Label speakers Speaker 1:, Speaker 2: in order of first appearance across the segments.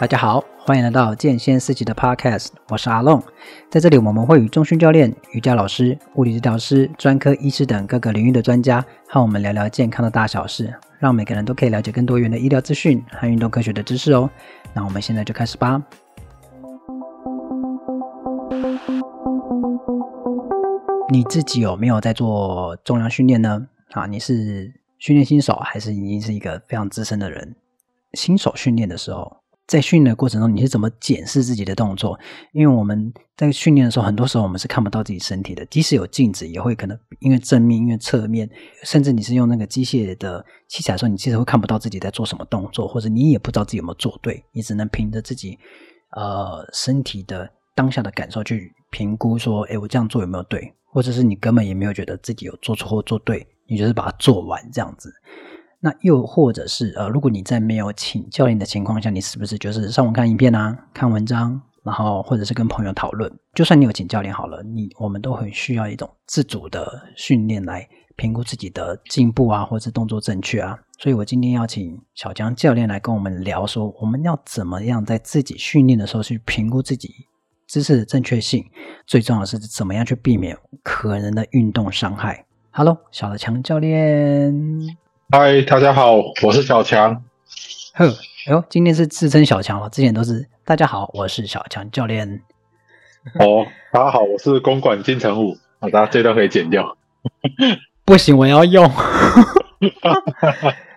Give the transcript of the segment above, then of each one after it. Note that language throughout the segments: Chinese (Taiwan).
Speaker 1: 大家好，歡迎來到健先思齊的 Podcast，我是阿龍。在這裡，我們會與重訓教練、瑜伽老師、物理治療師、專科醫師等各個領域的專家和我們聊聊健康的大小事，讓每個人都可以了解更多元的醫療資訊和運動科學的知識哦。那我們現在就開始吧。你自己有沒有在做重量訓練呢？啊，你是訓練新手還是已經是一個非常資深的人？新手訓練的時候，在訓練的過程中，你是怎麼檢視自己的動作？因為我們在訓練的時候，很多時候我們是看不到自己身體的，即使有鏡子，也會可能因為正面、因為側面，甚至你是用那個機械的器材的時候，你其實會看不到自己在做什麼動作，或者你也不知道自己有沒有做對，你只能憑着自己呃身體的當下的感受去評估說，欸，我這樣做有沒有對？或者是你根本也沒有覺得自己有做錯或做對，你就是把它做完這樣子。那又或者是呃，如果你在沒有請教練的情況下，你是不是就是上網看影片啊、看文章，然後或者是跟朋友討論。就算你有請教練好了，你、我們都很需要一種自主的訓練來評估自己的進步啊，或者是動作正確啊。所以我今天要請小強教練來跟我們聊說，說我們要怎麼樣在自己訓練的時候去評估自己姿勢的正確性，最重要的是怎麼樣去避免可能的運動傷害。Hello，小的強教練。
Speaker 2: 嗨、哎，大家好，我是小強。
Speaker 1: 哼，哎呦，今天是自稱小強，我之前都是，大家好，我是小強教練。
Speaker 2: 哦，大家好，我是公館金城武。大家這段可以剪掉，
Speaker 1: 不行，我要用。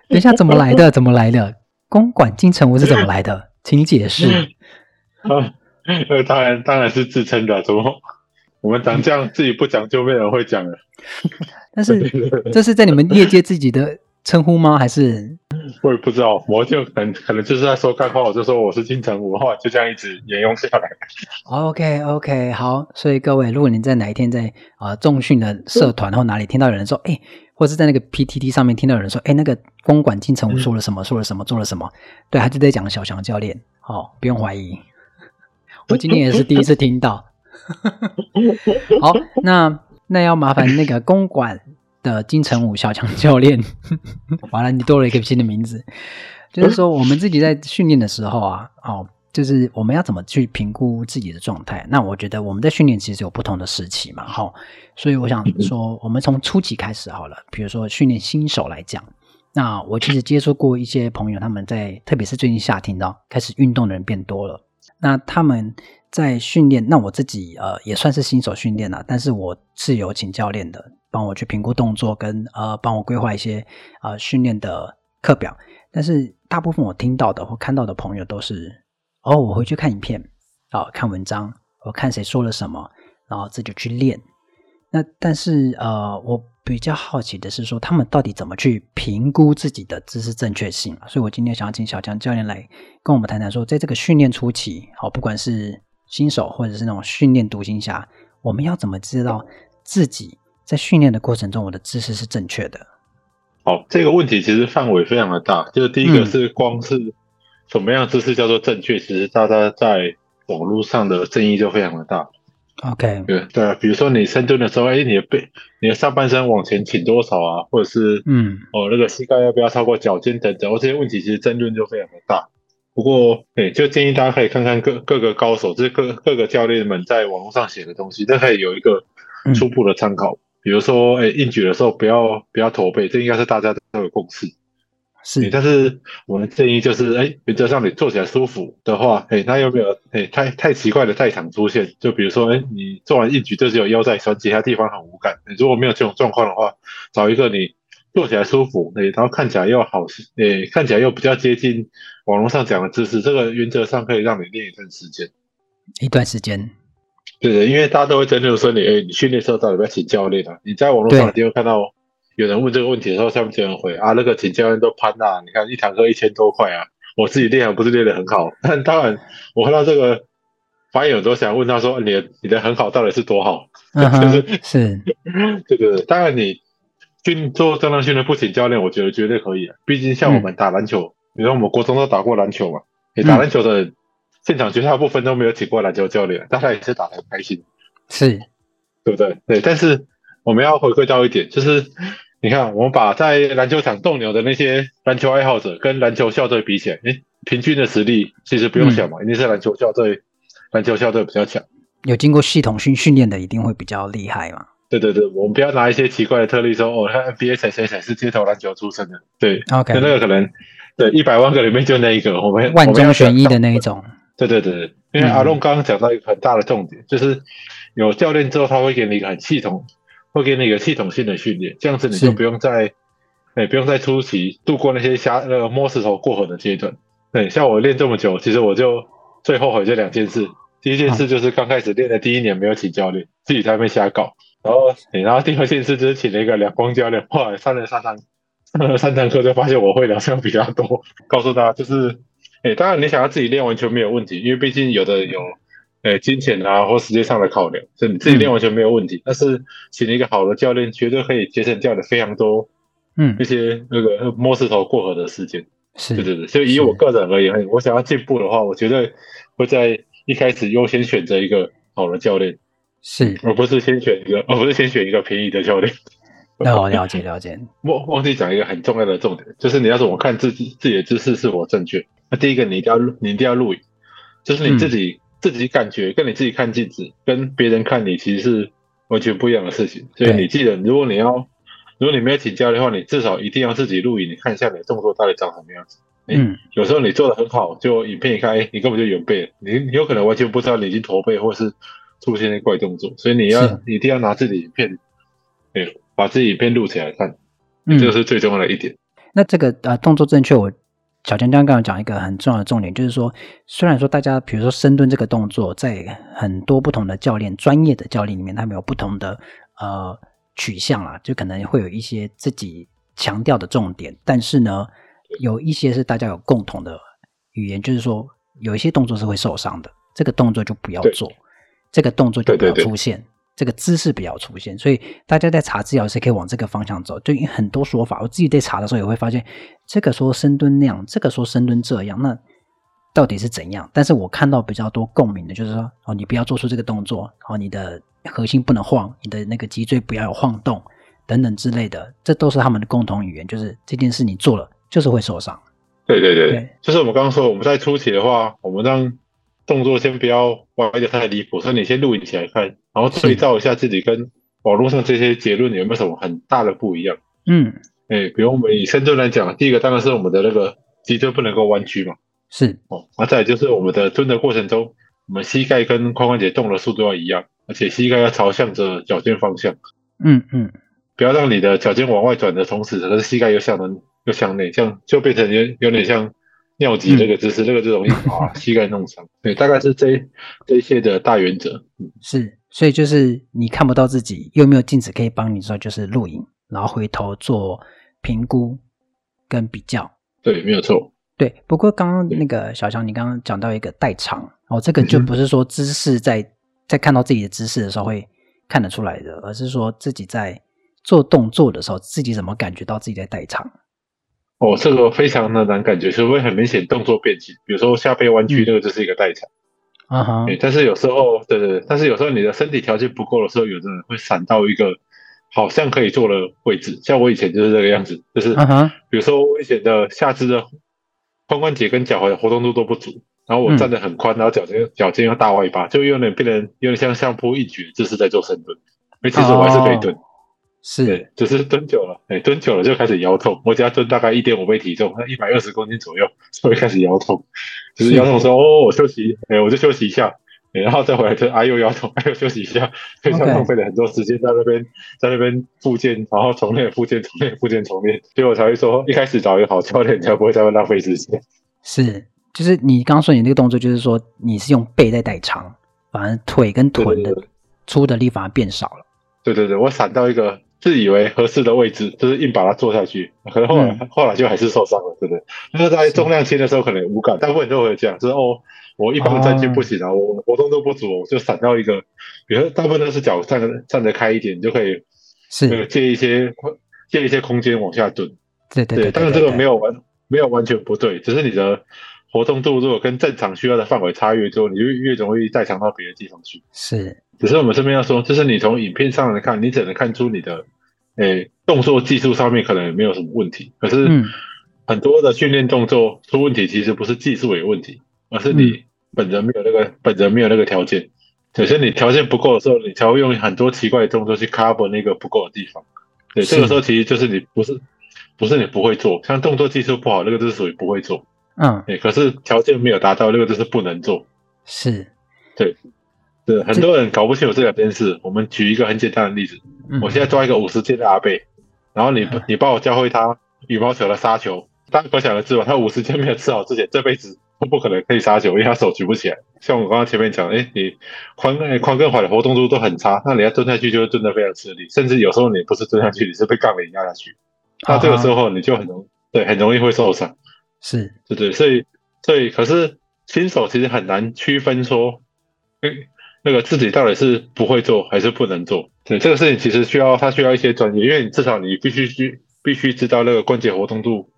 Speaker 2: 等一下怎麼來的？
Speaker 1: 怎麼來的？公館金城武是怎麼來的？請解
Speaker 2: 釋。當然，當然是自稱的。怎麼？我們長這樣， 自己不講就沒有人會講了。
Speaker 1: 但是這是在你們業界自己的稱呼嗎？還是
Speaker 2: 我也不知道，我就很可，可能就是在說幹話，我就說我是金城武，話就這樣一直沿用下來。
Speaker 1: OK OK，好，所以各位，如果你在哪一天在啊、呃、重訓的社團或哪裡聽到有人說，哎、欸，或是在那個 PTT 上面聽到有人說，哎、欸，那個公館金城武說了什麼，嗯、說了什麼，做了什麼，對，他就在講小強教練，好、哦，不用懷疑，我今天也是第一次聽到。 好，那那要麻煩那個公館。 的金城武，小強教練，完了，你多了一個新的名字。就是說，我們自己在訓練的時候啊，哦，就是我們要怎麼去評估自己的狀態？那我覺得我們在訓練其實有不同的時期嘛，好，所以我想說，我們從初級開始好了。比如說訓練新手來講，那我其實接觸過一些朋友，他們在特別是最近夏天到開始運動的人變多了。那他們在訓練，那我自己呃也算是新手訓練了，但是我是有請教練的。幫我去評估動作跟，跟呃，幫我規劃一些呃訓練的課表。但是大部分我聽到的或看到的朋友都是：哦，我回去看影片，啊，看文章，我看誰說了什麼，然後自己去練。那但是呃，我比較好奇的是說，他們到底怎麼去評估自己的知識正確性？所以我今天想要請小強教練來跟我們談談說，說在這個訓練初期，好、啊，不管是新手或者是那種訓練獨行俠，我們要怎麼知道自己？在訓練的過程中，我的姿勢是正確的。
Speaker 2: 好，這個問題其實範圍非常的大。就是第一個是光是什麼樣的姿勢叫做正確，嗯、其實大家在網絡上的爭議就非常的大。
Speaker 3: OK，對
Speaker 2: 對啊，比如說你深蹲的時候，哎、欸，你的背、你的上半身往前傾多少啊？或者是嗯，哦，那個膝蓋要不要超過腳尖等等，這些問題其實爭論就非常的大。不過，哎、欸，就建議大家可以看看各各個高手，這、就是、各各個教練們在網絡上寫的東西，都可以有一個初步的參考。嗯比如說，哎，硬舉的時候不要不要駝背，這應該是大家都有共識。是，但是我的建議就是，哎，原則上你坐起來舒服的話，哎，那有沒有，哎，太太奇怪的代償出現。就比如說，哎，你做完硬舉就只有腰在痠，其他地方很無感。你如果沒有這種狀況的話，找一個你坐起來舒服，哎，然後看起來又好，哎，看起來又比較接近網絡上講的知識，這個原則上可以讓你練一段時間。
Speaker 1: 一段時間。
Speaker 2: 對對，因為大家都會爭論說你，哎，你訓練的時候到底要不要請教練的、啊？你在網絡上就會看到有人問這個問題的時候，對下面就有人回啊，那個請教練都攀吶、啊，你看一堂課一千多塊啊，我自己練還不是練得很好？但當然，我看到這個發言，我都想問他說，你的你的很好到底是多好
Speaker 3: ？Uh、huh, 就是
Speaker 2: 是，這個 當然你去做正當訓練不請教練，我覺得絕對可以、啊，畢竟像我們打籃球，嗯、你說我們國中都打過籃球嘛，你打籃球的、嗯。現場絕大部分都沒有請過籃球教練，大概也是打得很開心，是，對不對？對，但是我們要回歸到一點，就是你看，我們把在籃球場鬥牛的那些籃球愛好者跟籃球校隊比起來，哎，平均的實力其實不用想嘛，嗯、一定是籃球校隊，籃球校隊比較強。有經
Speaker 1: 過系統訓訓練的，一定會比
Speaker 2: 較厲害嘛？對對對，我們不要拿一些奇怪的特例說，哦，他 NBA 誰誰誰是街頭籃球出身的，對，那 Okay. 那個可能，對，一百萬個裡面就那一個，我們萬中選
Speaker 1: 一的那一種。
Speaker 2: 對對對，因為阿龍剛剛講到一個很大的重點，嗯、就是有教練之後，他會給你一個很系統，會給你一個系統性的訓練，這樣子你就不用再，是欸、不用再初期度過那些瞎呃、那個、摸石頭過河的階段。對、欸，像我練這麼久，其實我就最後悔這兩件事，第一件事就是剛開始練的第一年沒有請教練，自己在那邊瞎搞，然後、欸，然後第二件事就是請了一個兩光教練，哇，上了三三堂，三堂課就發現我會的項目比較多，告訴他就是。哎、欸，當然你想要自己練完全沒有問題，因為畢竟有的有，欸、金錢啊或時間上的考量，所以你自己練完全沒有問題。嗯、但是請一個好的教練絕對可以節省掉的非常多，嗯，一些那個摸石頭過河的時間。是，對對對。所以以我個人而言，是我想要進步的話，我覺得會在一開始優先選擇一個好的教練，是，而不是先選一個，而不是先選一個便宜的教練。那我了解了解，了解忘忘記講一個很重要的重點，就是你要怎麼看自己自己的姿勢是否正確。那第一個你一定要你一定要錄影，就是你自己，嗯，自己感覺跟你自己看鏡子跟別人看你其實是完全不一樣的事情。所以你記得，對如果你要如果你沒有請教的話你至少一定要自己錄影，你看一下你的動作到底長什麼樣子。嗯，有時候你做的很好，就影片一開、哎，你根本就駝背了你，你有可能完全不知道你已經駝背或是出現些怪動作，所以你要是你一定要拿自己影片，哎。把自己邊錄起來看，這個是最重要的一點。
Speaker 1: 嗯、那這個呃動作正確，我小強剛剛講一個很重要的重點，就是說，雖然說大家比如說深蹲這個動作，在很多不同的教練、專業的教練裡面，他們有不同的呃取向啦，就可能會有一些自己強調的重點，但是呢，有一些是大家有共同的語言，就是說，有一些動作是會受傷的，這個動作就不要做，對這個動作就不要出現。對對對對這個姿勢比較出現，所以大家在查資料時可以往這個方向走。就有很多說法，我自己在查的時候也會發現，這個說深蹲那樣，這個說深蹲這樣，那到底是怎樣？但是我看到比較多共鳴的，就是說哦，你不要做出這個動作，哦，你的核心不能晃，你的那個脊椎不要有晃動，等等之類的，這都是他們的共同語言。就是這件事你做了，就是會受傷。
Speaker 2: 對對對對，對就是我們剛剛說我們在出題的話，我們讓。動作先不要歪得太離譜，所以你先錄影起來看，然後對照一下自己跟網絡上這些結論有沒有什麼很大的不一樣。嗯，哎、欸，比如我們以深蹲來講，第一個當然是我們的那個脊椎不能夠彎曲嘛，
Speaker 3: 是哦。
Speaker 2: 然後、啊、再來就是我們的蹲的過程中，我們膝蓋跟髖關節動的速度要一樣，而且膝蓋要朝向着腳尖方向。嗯嗯，不要讓你的腳尖往外轉的同時，可是膝蓋又向內又向內，這樣就變成有有點像。尿急，這個姿勢，嗯、這個最容易把、啊、膝蓋弄傷。 對，大概是這這些的大原則。嗯，
Speaker 1: 是，所以就是你看不到自己，又沒有鏡子可以幫你說就是錄影，然後回頭做評估跟比較。
Speaker 2: 對，沒有錯。
Speaker 1: 對，不過剛剛那個小強，你剛剛講到一個代償哦，這個就不是說姿勢在、嗯、在看到自己的姿勢的時候會看得出來的，而是說自己在做動作的時候，自己怎麼感覺到自己在代償。
Speaker 2: 哦，這個非常的難感覺，是會很明顯動作變形。比如說下背彎曲，這個就是一個代償。嗯哈。但是有時候，對對，但是有時候你的身體條件不夠的時候，有的人會閃到一個好像可以做的位置。像我以前就是這個樣子，就是，比如說我以前的下肢的髖關節跟腳踝活動度都不足，然後我站得很寬，嗯、然後腳尖腳尖又大外八，就有點變得有點像向撲一絕，就是在做深蹲。沒，其實我還是可以蹲。哦是，只、欸就是蹲久了，哎、欸，蹲久了就開始腰痛。我只要蹲大概一點五倍體重，那一百二十公斤左右，就會開始腰痛。就是腰痛說，是哦，我休息，哎、欸，我就休息一下，欸、然後再回來蹲，哎呦，腰痛，哎呦，休息一下，非常浪費了很多時間在那邊，在那邊復健，然後重練復健，重練復健，重練，所以我才會說，一開始找一個好教練，你才不會再會浪費時間。
Speaker 1: 是，就是你剛剛說你那個動作，就是說你是用背在代償，反正腿跟臀的出的力反而變少
Speaker 2: 了對對對對。對對對，我閃到一個。自以為合適的位置，就是硬把它坐下去，可能後來、嗯、後來就還是受傷了，對不對？就是在重量輕的時候可能無感，大部分都會這樣，就是哦。我一般站姿不行啊，啊我活動都不足，我就閃到一個。比如大部分都是腳站站得開一點你就可以，是、呃、借一些借一些空間往下蹲。對對對，對，對，對，對，但是這個沒有完沒有完全不對，只是你的。活動度如果跟正常需要的範圍差越多，你就越容易代償到別的地方去。是，只是我們這邊要說，就是你從影片上來看，你只能看出你的，誒，動作技術上面可能也沒有什麼問題。可是，很多的訓練動作出問題，其實不是技術有問題，而是你本人沒有那個，本人沒有那個條件。首先，你條件不夠的時候，你才會用很多奇怪的動作去 cover 那個不夠的地方。對，這個時候其實就是你不是，不是你不會做，像動作技術不好，那個就是屬於不會做。嗯，可是條件沒有達到，那、這個就是不能做。是，對，對，這很多人搞不清楚這兩件事。我們舉一個很簡單的例子：嗯、我現在抓一個五十斤的阿伯，嗯、然後你、嗯、你幫我教會他羽毛球的殺球，但可想而知吧，他五十斤沒有吃好之前，這輩子都不可能可以殺球，因為他手舉不起來。像我剛剛前面講，哎，你髖髖跟踝的活動度都很差，那你要蹲下去就會蹲得非常吃力，甚至有時候你不是蹲下去，你是被槓鈴壓下去，嗯、
Speaker 1: 那這個時
Speaker 2: 候你就很容，對，很容易會受傷。嗯嗯是，對對，所以，所以可是新手其實很難區分說，誒，那個自己到底是不會做還是不能做。對，這個事情其實需要他需要一些專業，因為你至少你必須需必須知道那個關節活動度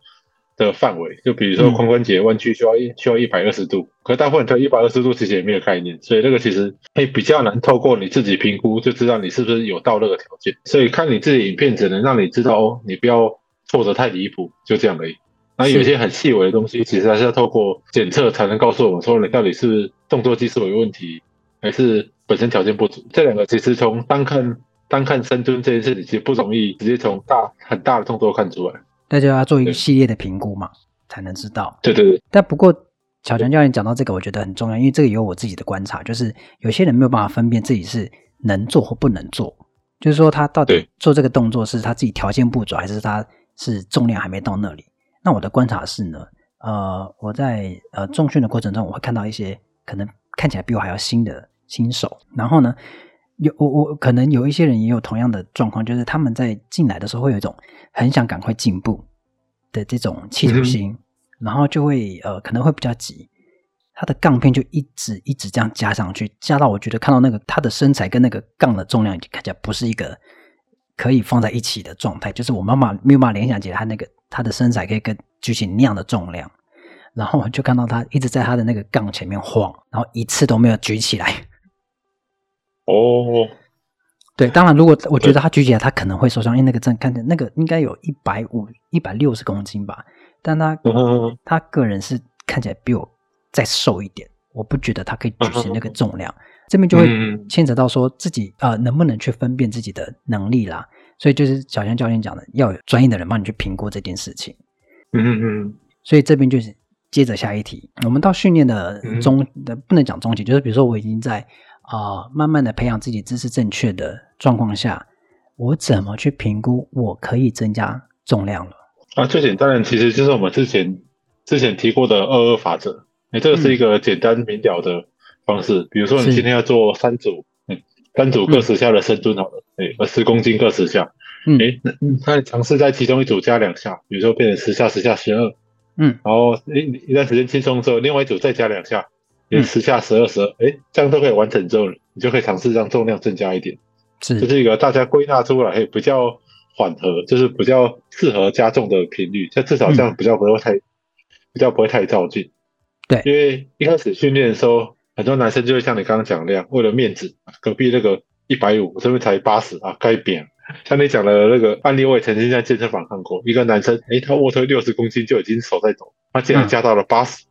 Speaker 2: 的範圍。就比如說髖關節彎曲需要一、嗯、需要一百二十度，可大部分人對一百二十度其實也沒有概念，所以那個其實誒、欸、比較難透過你自己評估就知道你是不是有到那個條件。所以看你自己影片只能讓你知道哦，你不要錯得太離譜，就這樣而已。那有一些很細微的東西，其實它是要透過檢測才能告訴我們說，你到底是動作技術有問題，還是本身條件不足。這兩個其實從單看單看深蹲這件事，其實不容易直接從大很大的動作看出來。
Speaker 1: 那就要做一個系列的評估嘛，對才能知道。對，對對。對。但不過，小強教練講到這個，我覺得很重要，因為這個有我自己的觀察，就是有些人沒有辦法分辨自己是能做或不能做，就是說他到底做這個動作是他自己條件不足，對還是他是重量還沒到那裡。那我的觀察是呢，呃，我在呃重訓的過程中，我會看到一些可能看起來比我還要新的新手。然後呢，有我我可能有一些人也有同樣的狀況，就是他們在進來的時候會有一種很想趕快進步的這種企圖心，嗯哼。然後就會呃可能會比較急，他的槓片就一直一直這樣加上去，加到我覺得看到那個他的身材跟那個槓的重量已經看起來不是一個可以放在一起的狀態，就是我媽媽沒有辦法聯想起來他那個。他的身材可以跟舉起那樣的重量，然後我就看到他一直在他的那個槓前面晃，然後一次都沒有舉起來。
Speaker 3: 哦，oh.
Speaker 1: 對，當然如果我覺得他舉起來，對他可能會受傷，因為那個正看着那個應該有一百五、一百六十公斤吧，但他、uh huh. 他個人是看起來比我再瘦一點，我不覺得他可以舉起那個重量。這邊就會牽扯到說自己啊、呃、能不能去分辨自己的能力啦，所以就是小強教練講的，要有專業的人幫你去評估這件事情。嗯嗯嗯。所以這邊就是接着下一題，我們到訓練的中的，不能講中期，就是比如說我已經在啊、呃、慢慢的培養自己姿勢正確的狀況下，我怎麼去評估我可以增加重量
Speaker 2: 了？啊，最簡單的其實就是我們之前之前提過的二二法則，哎、欸，這是一個簡單明了的。嗯方式，比如說你今天要做三組，嗯是，三組各十下的深蹲好了，嗯、哎，和十公斤各十下，嗯，哎誒、嗯，他嘗試在其中一組加兩下，比如說變成十下、十下、十二，嗯，然後一一段時間輕鬆之後，另外一組再加兩下，也十下、嗯、十二、十二，誒，這樣都可以完成之後，你就可以嘗試讓重量增加一點，是，這是一個大家歸納出來，哎，比較緩和，就是比較適合加重的頻率，就至少這樣比較不會太，嗯、比較不會太躁進，躁進對，因為一開始訓練的時候。很多男生就會像你剛剛講的那樣，為了面子，隔壁那個一百五，這邊才八十啊，該扁。像你講的那個案例，我也曾經在健身房看過，一個男生，誒他臥推六十公斤就已經手在抖，他竟然加到了八十。嗯、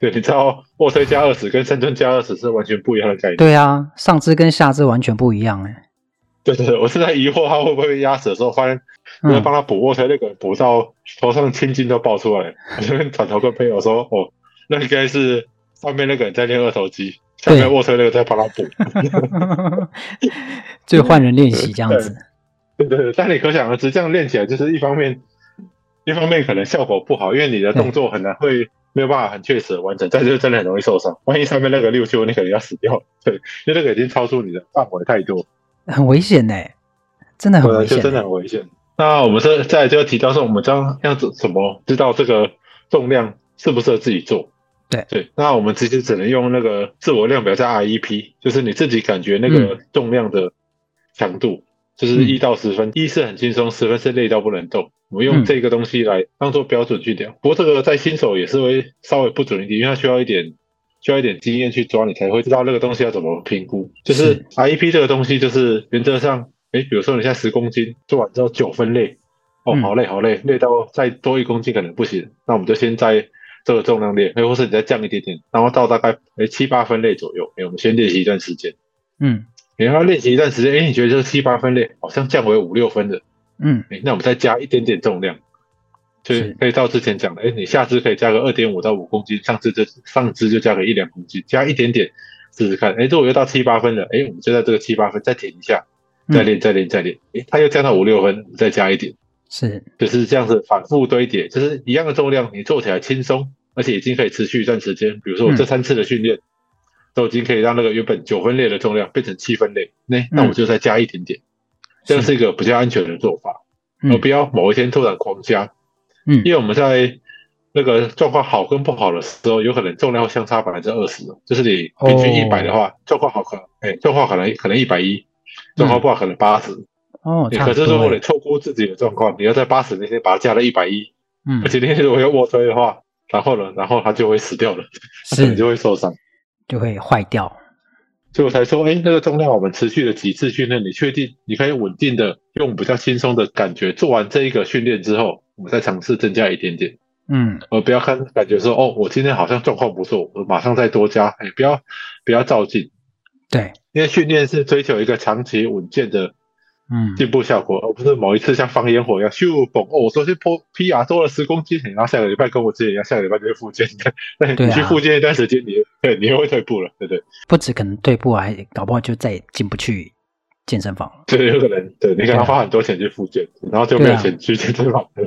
Speaker 2: 對，你知道臥推加二十跟深蹲加二十是完全不一樣的概念。對
Speaker 1: 啊，上肢跟下肢完全不一樣哎、欸。
Speaker 2: 對，對對，我是在疑惑他會不會被壓死的時候，發現有人幫他補臥推，嗯、那個補到頭上青筋都爆出來，我、嗯、就轉頭跟朋友說，哦，那應該是。外面那個人在練二頭肌，對下面臥車那個在幫拉補， 就換人練習對這樣子對。對對對，但你可想而知，這樣練起來就是一方面，一方面可能效果不好，因為你的動作很難會對沒有辦法很確實的完成，但是真的很容易受傷。萬一上面那個六七五，你可能要死掉，對，因為那個已經超出你的範圍太多，很危險呢、欸，真的很危險、欸，真的很危險。嗯、那我們再來就要提到說，我們這樣要怎麼知道這個重量適不適合自己做？對對，那我們其實只能用那個自我量表，加 RPE，就是你自己感覺那個重量的強度，嗯、就是一到十分，一是很輕鬆，十分是累到不能動。我們用這個東西來當做標準去量。嗯、不過這個在新手也是會稍微不準一點，因為它需要一點需要一點經驗去抓，你才會知道那個東西要怎麼評估。就是 RPE 這個東西，就是原則上，哎，比如說你現在十公斤做完之後九分累，哦，好累好累，累到再多一公斤可能不行，那我們就先在這個重量練，哎，或是你再降一點點，然後到大概哎七八分類左右，哎、欸，我們先練習一段時間，嗯，你要練習一段時間，哎、欸，你覺得這個七八分類好像降為五六分了。嗯，哎，那我們再加一點點重量，就可以到之前講的，哎、欸，你下肢可以加個二點五到五公斤，上肢就上肢就加個一兩公斤，加一點點試試看，哎、欸，如果又到七八分了，哎、欸，我們就在這個七八分再停一下，再練再練再練，哎、欸，它又降到五六分，我們再加一點。是，就是這樣子反覆堆疊，就是一樣的重量，你做起來輕鬆，而且已經可以持續一段時間。比如說我這三次的訓練，嗯、都已經可以讓那個原本九分累的重量變成七分累，那、嗯、那我就再加一點點，嗯、這樣是一個比較安全的做法，而是不要某一天突然狂加。嗯、因為我們在那個狀況好跟不好的時候，有可能重量會相差百分之二十，就是你平均一百的話，狀況好可，哎、欸，狀況可能可能一百一，狀況不好可能八十，嗯。哦、欸，可是如果你錯估自己的狀況，你要在八十那天把它加到一百一，
Speaker 3: 嗯，
Speaker 1: 我
Speaker 2: 今天如果有臥推的話，然後呢，然後它就會死掉了，是就會受傷，
Speaker 1: 就會壞掉，
Speaker 2: 所以我才說，哎、欸，那個重量我們持續了幾次訓練，你確定你可以穩定的用比較輕鬆的感覺做完這一個訓練之後，我們再嘗試增加一點點，嗯，而不要看感覺說，哦，我今天好像狀況不錯，我馬上再多加，誒、欸、不要不要照進，對，因為訓練是追求一個長期穩健的。嗯，進步效果，而、嗯、不是某一次像放煙火一樣，咻嘣！哦，我昨天破 P R 做了十公斤之前，然後下個禮拜跟我自己一樣，下個禮拜就去復健。對，對你去復健一段時間，啊，你你又會退步了，對不對，
Speaker 1: 對？不止可能退步，還搞不好就再也進不去健身房
Speaker 2: 了。對，有可能。對，你可能花很多錢去復健，啊、然後就沒有錢去健身房了。
Speaker 1: 對啊。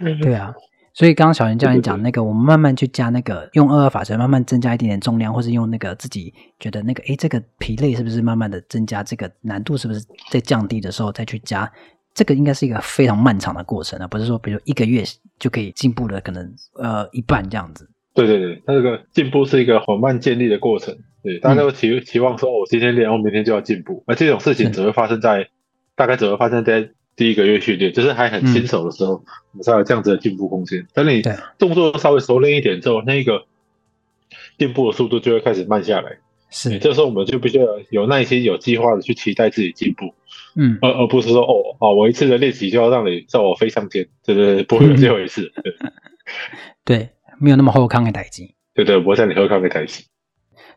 Speaker 1: 對啊對啊所以剛剛小強教練講那個，我們慢慢去加那個，用二二法則慢慢增加一點點重量，或者用那個自己覺得那個、欸，誒這個疲累是不是慢慢的增加，這個難度是不是在降低的時候再去加，這個應該是一個非常漫長的過程，而不是說比如一個月就可以進步的，可能呃一半這樣子。
Speaker 2: 對對對，那這個進步是一個緩慢建立的過程。對，大家都期期望說，哦，今天練，我明天就要進步，而這種事情只會發生在的大概只會發生在。第一個月訓練，就是還很新手的時候，我們才有這樣子的進步空間。等你動作稍微熟練一點之後，對那個進步的速度就會開始慢下來。是、欸，這時候我們就必須要有耐心，有計劃的去期待自己進步。
Speaker 3: 嗯，
Speaker 2: 而而不是說，哦，啊、哦，我一次的練習就要讓你讓我飛上天，對對，不會有最後一次。
Speaker 1: 對，沒有那麼厚的抗鈣累積。
Speaker 2: 對的，不像你厚的抗鈣累積。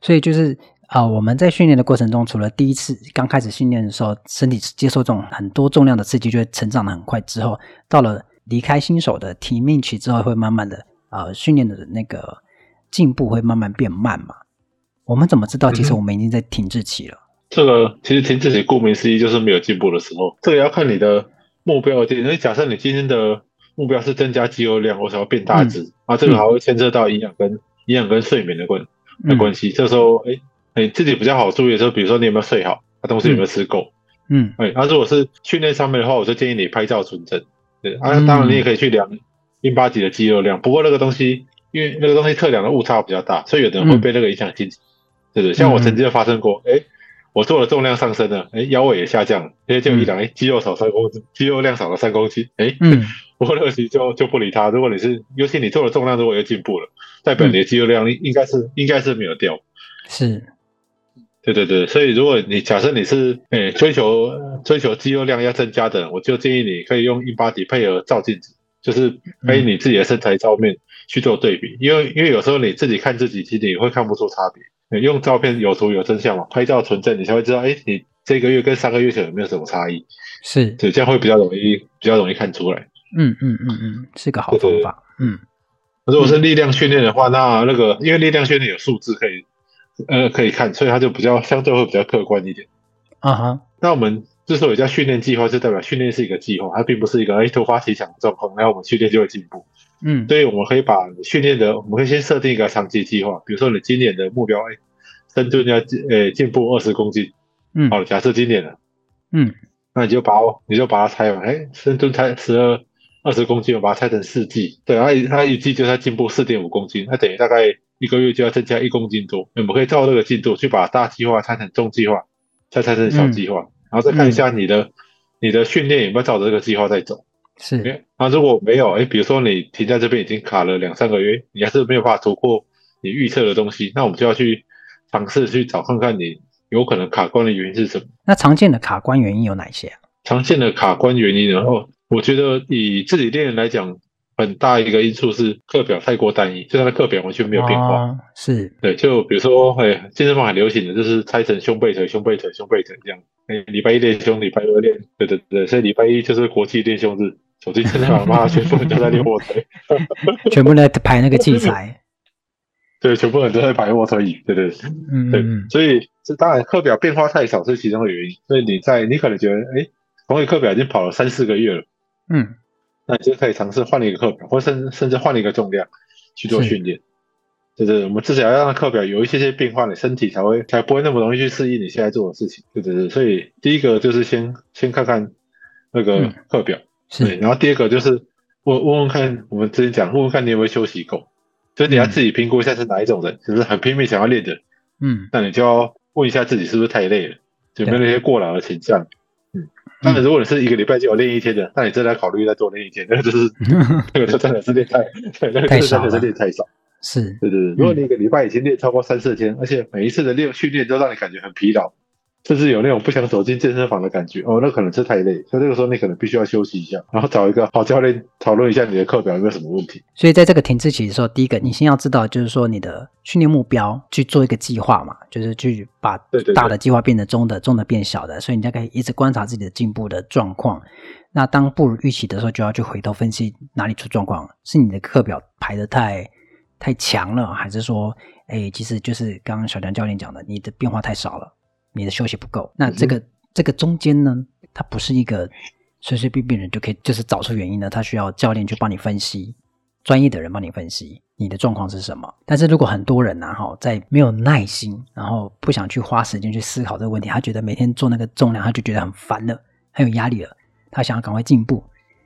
Speaker 1: 所以就是。啊、呃，我們在訓練的過程中，除了第一次剛開始訓練的時候，身體接受這種很多重量的刺激，就會成長得很快。之後到了離開新手的提命期之後，會慢慢的，呃，訓練的那個進步會慢慢變慢嘛。我們怎麼知道其實我們已經在停滯期了、嗯？
Speaker 2: 這個其實停滯期顧名思義就是沒有進步的時候。這個要看你的目標而定，因為假設你今天的目標是增加肌肉量，我想要變大隻、嗯、啊，這個還會牽涉到營養跟營養跟睡眠的關、嗯、的關係。這個、時候，哎、欸。你自己比較好注意，的時候，比如說你有沒有睡好，他、啊、東西有沒有吃夠，嗯，哎、欸，那、啊、如果是訓練上面的話，我就建議你拍照存證，啊，嗯、當然你也可以去量硬八級的肌肉量，不過那個東西因為那個東西測量的誤差比較大，所以有的人會被那個影響心情，嗯、對，對對？像我曾經發生過，哎、嗯欸，我做了重量上升了，哎、欸，腰圍也下降了，就、嗯、一量、欸，肌肉少三公斤，肌肉量少了三公斤，哎、欸，
Speaker 3: 嗯，
Speaker 2: 我那個時候就就不理他。如果你是，尤其你做了重量如果又進步了，代表你的肌肉量應該是應該是沒有掉，嗯、是。對對對，所以如果你假設你是誒、欸、追求追求肌肉量要增加的，我就建議你可以用 InBody 配合照鏡子，就是誒你自己的身材照片去做對比，嗯、因為因為有時候你自己看自己其實你也會看不出差別，欸，用照片有圖有真相嘛，拍照存證你才會知道，哎、欸，你這個月跟上個月有沒有什麼差異？是，對，這樣會比較容易比較容易看出來。嗯嗯嗯
Speaker 3: 嗯，
Speaker 2: 是個好方法。
Speaker 3: 就
Speaker 2: 是，嗯。如果是力量訓練的話，那那個因為力量訓練有數字可以。呃，可以看，所以它就比較相對會比較客觀一點。
Speaker 3: 啊哈、uh，huh.
Speaker 2: 那我們之所以叫訓練計劃，就代表訓練是一個計劃，它並不是一個哎突發奇想的狀況，然後我們訓練就會進步。嗯，所以我們可以把訓練的，我們可以先設定一個長期計劃，比如說你今年的目標，哎，深蹲要進，哎，進步二十公斤。嗯，好，假設今年
Speaker 3: 了，
Speaker 2: 嗯，那你就把我，你就把它拆完，哎，深蹲拆十二二十公斤，我把它拆成四季，對，它一它一季就它進步四點五公斤，它等於大概，一個月就要增加一公斤多，我們可以照這個進度去把大計劃拆成中計劃，再拆成小計劃，嗯、然後再看一下你的、嗯、你的訓練有沒有照著這個計劃在走。
Speaker 3: 是，
Speaker 2: 那如果沒有、欸，比如說你停在這邊已經卡了兩三個月，你還是沒有辦法突破你預測的東西，那我們就要去嘗試去找看看你有可能卡關的原因是什麼。
Speaker 1: 那常見的卡關原因有哪
Speaker 2: 些、啊？常見的卡關原因，然後我覺得以自己練人來講。很大一個因素是課表太過單一，就他的課表完全沒有變化。哦、是對，就比如說，哎、欸，健身房很流行的就是拆成胸背腿、胸背腿、胸背腿這樣。哎、欸，禮拜一練胸，禮拜二練，對對對，所以禮拜一就是國際練胸日。手機健身全部人都在練臥推，
Speaker 1: 全部都在排那個器材。
Speaker 2: 對，全部人都在排臥推椅。對，對對，對，嗯嗯對，所以這當然課表變化太少是其中的原因。所以你在你可能覺得，哎、欸，同一課表已經跑了三四個月了，嗯。那你就可以嘗試換了一個課表，或甚甚至換了一個重量去做訓練，是就是我們至少要讓課表有一些些變化，你身體才會才不會那麼容易去適應你現在做的事情，對對，對，所以第一個就是先先看看那個課表，嗯、對，然後第二個就是問問看，嗯、我們之前講問問看你有沒有休息夠，所以你要自己評估一下是哪一種人，嗯、就是很拼命想要練的，嗯，那你就要問一下自己是不是太累了，有沒有那些過勞的傾向。嗯嗯當然，如果你是一個禮拜就有練一天的，那你真的要考慮再多練一天，那個就是
Speaker 3: 那
Speaker 2: 個真的是練太、嗯， 那個是真的，真的是練太少。是對對對，如果你一個禮拜已經練超過三四天，是而且每一次的練訓練都讓你感覺很疲勞。甚至有那種不想走進健身房的感覺哦，那可能是太累，所以這個時候你可能必須要休息一下，然後找一個好教練討論一下你的課表有沒有什麼問題。
Speaker 1: 所以，在這個停滯期的時候，第一個你先要知道，就是說你的訓練目標去做一個計劃嘛，就是去把大的計劃變得中的，對對對，中的變小的，所以你才可以一直觀察自己的進步的狀況。那當不如預期的時候，就要去回頭分析哪裡出狀況，是你的課表排的太太強了，還是說，哎，其實就是剛剛小強教練講的，你的變化太少了。你的休息不夠，那這個、嗯、這個中間呢，它不是一個隨隨便便人就可以，就是找出原因的。他需要教練去幫你分析，專業的人幫你分析你的狀況是什麼。但是如果很多人呢，哈，在沒有耐心，然後不想去花時間去思考這個問題，他覺得每天做那個重量，他就覺得很煩了，很有壓力了，他想要趕快進步。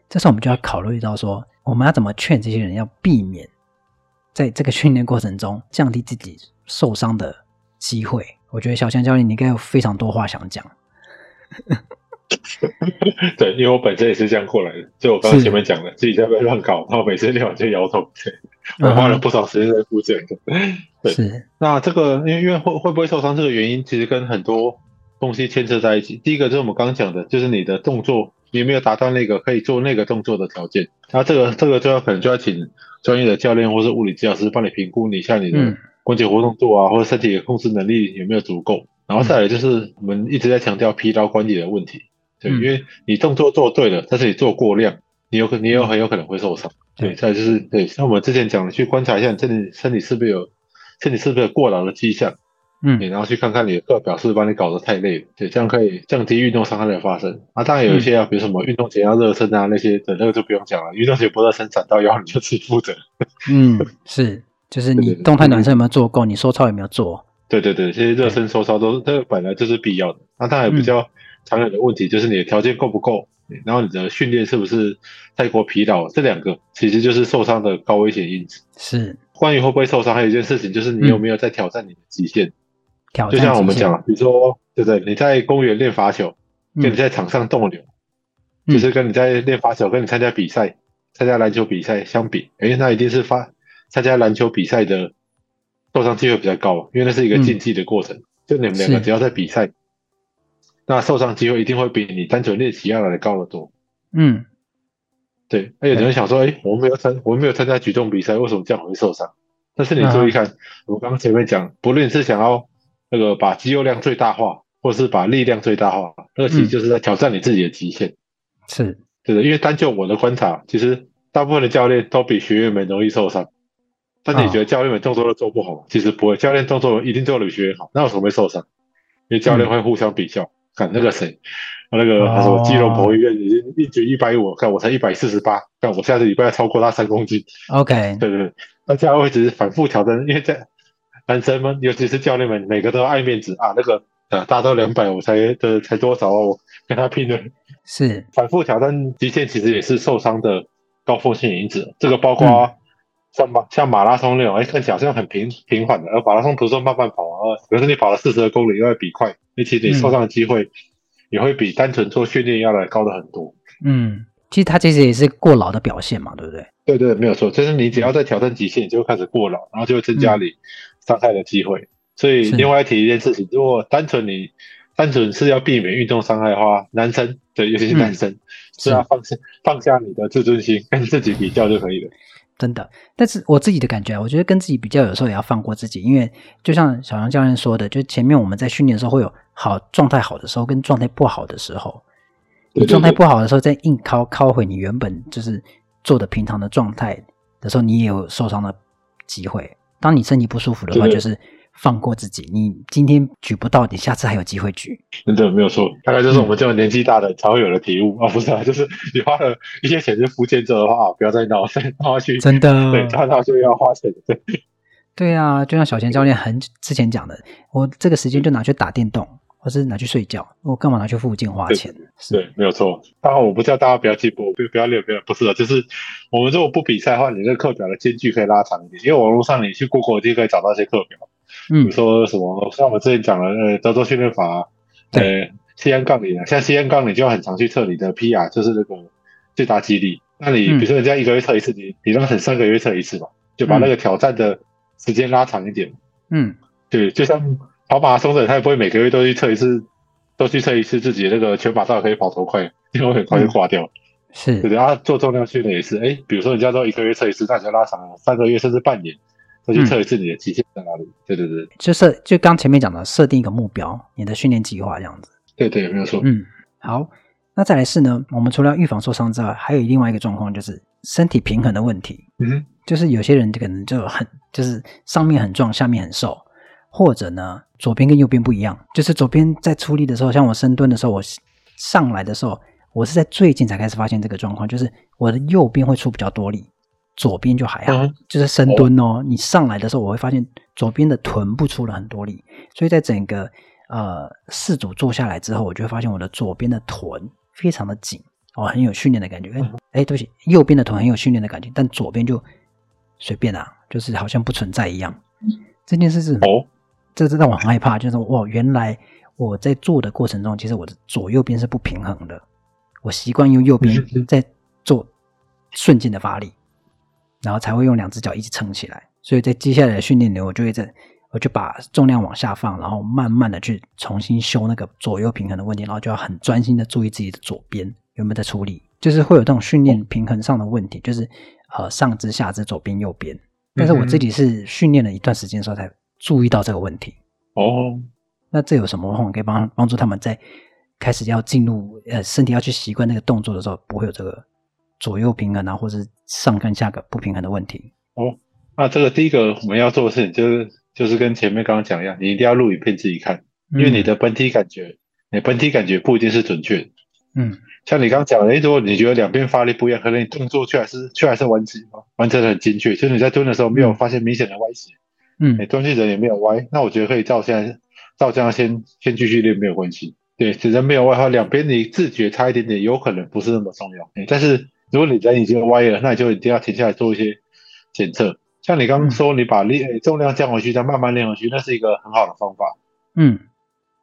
Speaker 1: 這時候我們就要考慮到說，我們要怎麼勸這些人，要避免在這個訓練過程中降低自己受傷的機會。我覺得小強教練，你應該有非常多話想講。
Speaker 2: 對，因為我本身也是這樣過來的，就我剛，剛前面講的，是自己在那亂搞，然後每次練完就腰痛，我、uh huh. 花了不少時間在復健。對，是那這個，因為會會不會受傷，這個原因其實跟很多東西牽扯在一起。第一個就是我們剛，剛講的，就是你的動作有沒有達到那個可以做那個動作的條件。那這個這個就要可能就要請專業的教練或是物理治療師幫你評估一下你的、嗯。關節活動度啊，或者身體的控制能力有沒有足夠？然後再來就是我們一直在強調疲勞管理的問題，對，因為你動作做對了，但是你做過量，你有可你有很有可能會受傷。對，再來就是對，像我們之前講的，去觀察一下你這裡身體是不是有，身體是不是有過勞的跡象？嗯，然後去看看你的課表是不是把你搞得太累了，對，這樣可以降低運動傷害的發生。啊，當然有一些啊，比如什麼運動前要熱身啊，那些，等那個就不用講了，運動前不熱身，閃到腰你就自己負責。 嗯，
Speaker 1: 是。就是你動態暖身有沒有做夠？對對對，你收操有沒有做？
Speaker 2: 對對對，其實熱身收操都是，這個對本來就是必要的。那當然有比較殘忍的問題，嗯、就是你的條件夠不夠，然後你的訓練是不是太過疲勞，這兩個其實就是受傷的高危險因子。是關於會不會受傷，還有一件事情就是你有沒有在挑戰你的極限？挑戰、嗯，就像我們講，比如說對不對，對？你在公園練罰球，跟你在場上動流，其實、嗯、跟你在練罰球，跟你參加比賽，參加籃球比賽相比，哎，欸，那一定是發。參加籃球比賽的受傷機會比較高，因為那是一個競技的過程。嗯、就你們兩個只要在比賽，是那受傷機會一定會比你單純練習要來的高得多。嗯，對。那有人想說：“哎、欸欸，我沒有參，我沒有參加舉重比賽，為什麼這樣會受傷？”但是你注意看，嗯啊、我剛前面講，不論是想要那個把肌肉量最大化，或是把力量最大化，那個、其實就是在挑戰你自己的極限、嗯。是，對的。因為單就我的觀察，其實大部分的教練都比學員們容易受傷。但你覺得教練們動作都做不好？Oh. 其實不會，教練動作一定做比學員好，那有什麼會受傷？因為教練會互相比較，看、嗯、那個誰、啊，那個他說肌肉薄弱，你一舉一百五，看我才一百四十八，看我下次禮拜要超過他三公斤。OK，對對對，那這樣會只是反覆挑戰，因為在男生們，尤其是教練們，每個都愛面子啊，那個啊達到，兩百我才的才多少啊，我跟他拼的，是反覆挑戰極限，其實也是受傷的高風險因子，是這個包括、啊。嗯像馬，像馬拉松那種，哎、欸，看起來好像很平平緩的，而馬拉松不是說慢慢跑啊。而是你跑了四十二公里，又要比快，你其實你受傷的機會也會比單純做訓練要來高的很多。嗯，
Speaker 1: 其實它其實也是過勞的表現嘛，對
Speaker 2: 不對？對，對對，沒有錯。就是你只要在挑戰極限，你就會開始過勞，然後就會增加你傷害的機會。嗯、所以另外要提一,一件事情，是如果單純你單純是要避免運動傷害的話，男生對，尤其是男生是、嗯、要放下是放下你的自尊心，跟自己比較就可以了。嗯
Speaker 1: 真的，但是我自己的感覺啊，我覺得跟自己比較，有時候也要放過自己，因為就像小強教練說的，就前面我們在訓練的時候會有好狀態好的時候，跟狀態不好的時候，
Speaker 2: 你狀態不
Speaker 1: 好的時候再硬靠靠回你原本就是做的平常的狀態的時候，你也有受傷的機會。當你身體不舒服的話，就是。放過自己，你今天舉不到，你下次還有機會舉。
Speaker 2: 真的沒有錯，大概就是我們這種年紀大的、嗯、才會有的體悟啊，不是啊，就是你花了一些錢去付錢做的話，不要再鬧，再鬧下去
Speaker 1: 真的，對，
Speaker 2: 他到就要花錢，對。
Speaker 1: 對啊，就像小強教練很之前講的，我這個時間就拿去打電動，或是拿去睡覺，我幹嘛拿去付錢花錢？
Speaker 2: 對，沒有錯。當然我不是要大家不要進步，不要練，不要，不是啊，就是我們如果不比賽的話，你這課表的間距可以拉長一點，因為網絡上你去 Google 就可以找到一些課表。嗯、比如說什麼像們對、呃，像我之前講的呃，德州訓練法，呃，CN 槓鈴啊，像 CN 槓鈴就要很常去測你的 PR，就是那個最大肌力。那你、嗯、比如說人家一個月測一次，你你讓很三個月測一次嘛。就把那個挑戰的時間拉長一點。嗯，對，就像跑馬拉松的人，他也不會每個月都去測一次，嗯、都去測一次自己的那個全馬上可以跑多快，嗯、因為很快就掛掉。是，對他做重量訓練也是，哎、欸，比如說人家都一個月測一次，大家拉長了三個月甚至半年。都就測一次
Speaker 1: 你的極限在哪裡？對對對，就是就剛前面講的設定一個目標，你的訓練計劃這樣子。
Speaker 2: 對對，沒有錯。嗯，
Speaker 1: 好，那再來是呢，我們除了要預防受傷之外，還有另外一個狀況就是身體平衡的問題。嗯，就是有些人就可能就很就是上面很壯，下面很瘦，或者呢左邊跟右邊不一樣，就是左邊在出力的時候，像我深蹲的時候，我上來的時候，我是在最近才開始發現這個狀況，就是我的右邊會出比較多力。左邊就還好、啊，就是深蹲哦。你上來的時候，我會發現左邊的臀部出了很多力，所以在整個呃四組做下來之後，我就會發現我的左邊的臀非常的緊，哦，很有訓練的感覺。哎、欸欸，對不起，右邊的臀很有訓練的感覺，但左邊就隨便啦、啊，就是好像不存在一樣。嗯、這件事是哦，嗯、這真讓我很害怕，就是說哇，原來我在做的過程中，其實我的左右邊是不平衡的。我習慣用右邊在做瞬間的發力。然後才會用兩隻腳一起撐起來，所以在接下來的訓練裡，我就會在，我就把重量往下放，然後慢慢的去重新修那個左右平衡的問題，然後就要很專心的注意自己的左邊有沒有在處理，就是會有這種訓練平衡上的問題，就是，呃，上肢、下肢、左邊、右邊，但是我自己是訓練了一段時間之後才注意到這個問題。哦，那這有什麼方法可以幫幫助他們在開始要進入呃身體要去習慣那個動作的時候，不會有這個？左右平衡啊，或是上跟下個不平衡的問題。哦，那
Speaker 2: 這個第一個我們要做的事情就是，就是跟前面剛剛講一樣，你一定要錄影片自己看，因為你的本體感覺，嗯、你本體感覺不一定是準確。嗯，像你剛剛講的，如果你覺得兩邊發力不一樣，可能你動作卻還是卻還是完成，嗎？完成的很精確，就是你在蹲的時候沒有發現明顯的歪斜，嗯，蹲起、欸、人也沒有歪，那我覺得可以照現在照這樣先先繼續練沒有關係。對，只是沒有歪的話，兩邊你自覺差一點點，有可能不是那麼重要，欸、但是。如果你人已經歪了，那你就一定要停下來做一些檢測。像你剛剛說，你把力重量降回去，再慢慢練回去，那是一個很好的方法。嗯，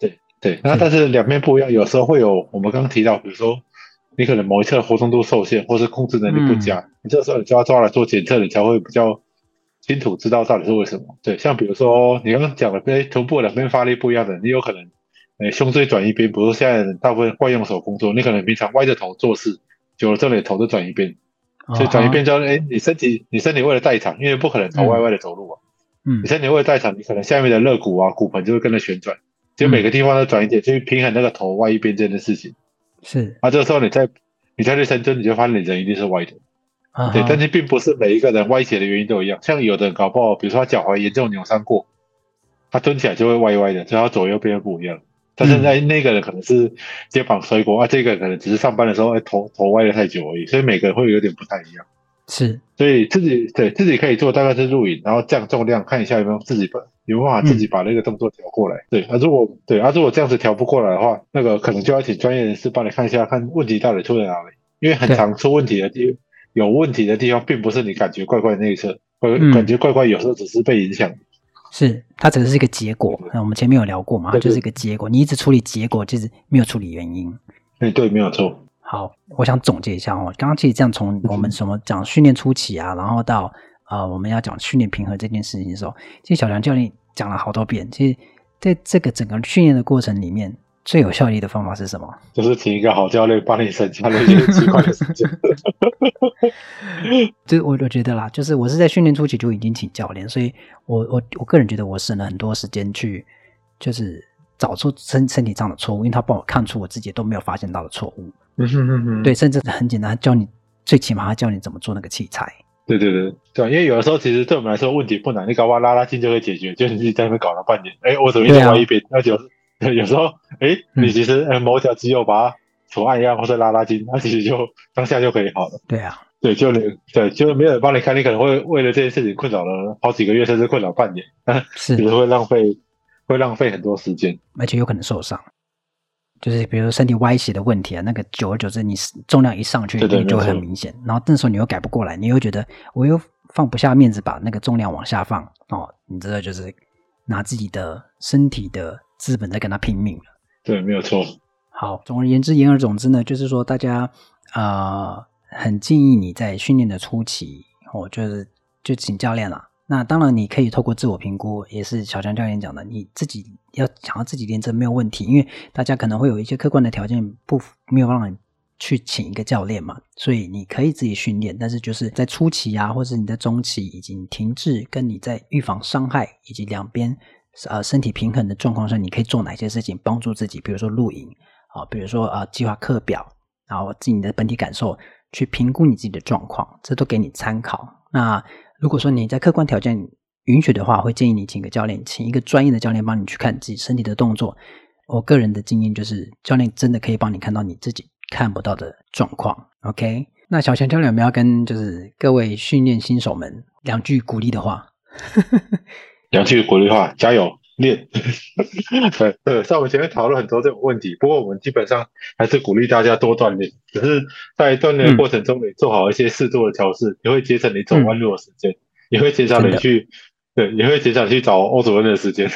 Speaker 2: 對對。那但是兩邊不一樣，嗯、有時候會有我們剛剛提到，比如說你可能某一側的活動度受限，或是控制能力不佳，嗯、你這時候你就要抓來做檢測，你才會比較清楚知道到底是為什麼。對，像比如說你剛剛講的，哎，臀部兩邊發力不一樣的，你有可能誒、哎，胸椎轉一邊，比如說現在大部分慣用手工作，你可能平常歪着頭做事。久了這裡就之後，你頭都轉一遍，所以轉一遍之後，哎，你身體，你身體為了代償，因為不可能頭歪歪的走路啊，嗯，嗯，你身體為了代償，你可能下面的肋骨啊、骨盆就會跟着旋轉，就每個地方都轉一點，去平衡那個頭歪一邊這件事情。是，啊，這個時候你在你在去深蹲，你就發現你人一定是歪的，啊、哈對，但是並不是每一個人歪斜的原因都一樣，像有的人搞不好，比如說他腳踝嚴重扭傷過，他蹲起來就會歪歪的，所以他左右邊不一樣。他現在那個人可能是肩膀痠過啊，這個人可能只是上班的時候哎頭頭歪了太久而已，所以每個人會有點不太一樣。是，所以自己對自己可以做，大概是錄影，然後降重量，看一下有沒有自己把有沒有辦法自己把那個動作調過來。嗯、對啊，如果對啊，如果這樣子調不過來的話，那個可能就要請專業人士幫你看一下，看問題到底出在哪裡。因為很常出問題的地方對有問題的地方，並不是你感覺怪怪的那一側，或感覺怪怪，有時候只是被影響。嗯
Speaker 1: 是它只是一個結果，那、嗯、我們前面有聊過嘛，它對就是一個結果。你一直處理結果，就是沒有處理原因。
Speaker 2: 哎，對，沒有錯。
Speaker 1: 好，我想總結一下哦，剛剛其實這樣從我們什麼講訓練初期啊，然後到呃我們要講訓練平衡這件事情的時候，其實小強教練講了好多遍，其實在這個整個訓練的過程裡面。最有效益的方法是什麼？
Speaker 2: 就是請一個好教練幫你省錢，他能用幾塊
Speaker 1: 的省錢。就我我覺得啦，就是我是在訓練初期就已經請教練，所以我我我個人覺得我省了很多時間去，就是找出身身體上的錯誤，因為他幫我看出我自己都沒有發現到的錯誤。 對，甚至很簡單，他教你最起碼他教你怎麼做那個器材。
Speaker 2: 對對對對，因為有的時候其實對我們來說問題不難，你搞不好拉拉筋就會解決，就你自己在那邊搞了半天，哎、欸，我怎麼一到一邊那就……對啊對，對有時候，哎，你其實某一條肌肉，把它按一按，或是拉拉筋，那、嗯、其實就當下就可以好了。對啊對，對，就你對，就是沒有人幫你看，你可能會為了這件事情困擾了好幾個月，甚至困擾半年，是，就是會浪費會浪費很多時間，
Speaker 1: 而且有可能受傷，就是比如說身體歪斜的問題啊，那個久而久之，你重量一上去，對對對，就很明顯。錯然後這時候你又改不過來，你又覺得我又放不下面子把那個重量往下放哦，你知道就是拿自己的身體的資本在跟他拼命
Speaker 2: 了，對，沒有錯。
Speaker 1: 好，總而言之，言而總之呢，就是說，大家啊、呃，很建議你在訓練的初期，我、哦、就是就請教練了。那當然，你可以透過自我評估，也是小強教練講的，你自己要想要自己練，真沒有問題。因為大家可能會有一些客觀的條件不沒有辦法去請一個教練嘛，所以你可以自己訓練。但是就是在初期啊，或者你的中期已經停滯，跟你在預防傷害以及兩邊，呃，身體平衡的狀況下，你可以做哪些事情幫助自己？比如說錄影，啊，比如說啊，計劃課表，然後自己的本體感受去評估你自己的狀況，這都給你參考。那如果說你在客觀條件允許的話，會建議你請個教練，請一個專業的教練幫你去看你自己身體的動作。我個人的經驗就是，教練真的可以幫你看到你自己看不到的狀況。OK，那小強教練，有沒有跟就是各位訓練新手們兩句鼓勵的話？呵
Speaker 2: 呵呵。兩句鼓勵話，加油練。對 對，在我們前面討論很多這種問題，不過我們基本上還是鼓勵大家多鍛鍊。只是在鍛鍊的過程中，你做好一些適度的調試，你、嗯、會節省你走彎路的時間，你、嗯、會減少你去的對，也會你會減少去找歐主任的時間。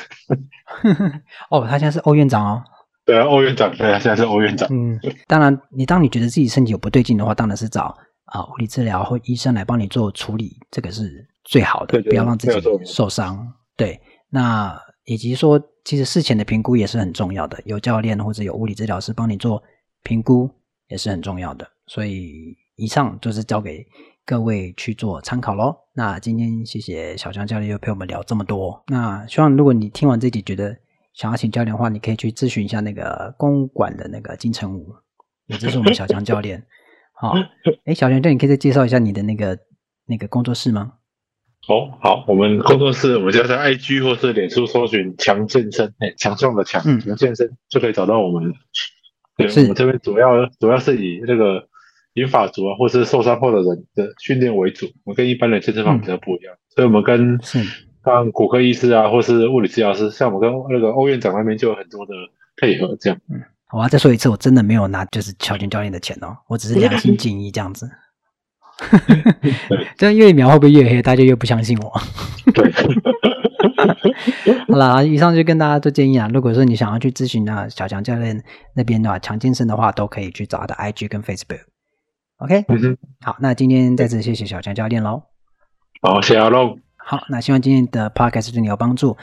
Speaker 1: 哦，他現在是歐院長哦。
Speaker 2: 對啊，歐院長，對啊，現在是歐院長。嗯，
Speaker 1: 當然，你當你覺得自己身體有不對勁的話，當然是找啊物、哦、理治療或醫生來幫你做處理，這個是最好的，對對啊、不要讓自己受傷。對，那以及說，其實事前的評估也是很重要的，有教練或者有物理治療師幫你做評估也是很重要的。所以以上就是交給各位去做參考嘍。那今天謝謝小強教練又陪我們聊這麼多。那希望如果你聽完這集覺得想要請教練的話，你可以去諮詢一下那個公館的那個金城武，也就是我們小強教練。好，哎，小強教練，你可以再介紹一下你的那個那個工作室嗎？
Speaker 2: 哦，好，我們工作室，我們就在 IG 或是臉書搜尋“強健身”，哎，強壯的強，強健身就可以找到我們。對，是我們這邊主要主要是以那個，銀髮族啊，或是受傷後的人的訓練為主。我們跟一般的健身房比較不一樣，嗯，所以我們跟像是骨科醫師啊，或是物理治療師，像我們跟那個歐院長那邊就有很多的配合。這樣，
Speaker 1: 嗯，好啊，再說一次，我真的沒有拿就是喬練教練的錢哦，我只是良心建
Speaker 2: 議這樣子。
Speaker 1: 這樣越描會不會越黑？大家越不相信我。 好啦，以上就跟大家做建議啊。如果說你想要去諮詢呢，小強教練那邊的話，強健身的話，都可以去找他的 IG 跟 Facebook。OK，mm hmm. 好，那今天再次謝謝小強教練嘍。
Speaker 2: 好，謝謝阿龍。
Speaker 1: 好，那希望今天的 Podcast 對你有幫助。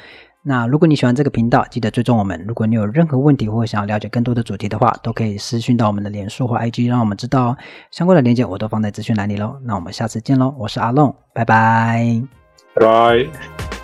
Speaker 1: 那如果你喜歡這個頻道，記得追蹤我們。如果你有任何問題或想要了解更多的主題的話，都可以私訊到我們的連署或 IG，讓我們知道哦。相關的鏈接我都放在資訊欄裡嘍。那我們下次見嘍，我是阿拜拜拜，
Speaker 2: 拜。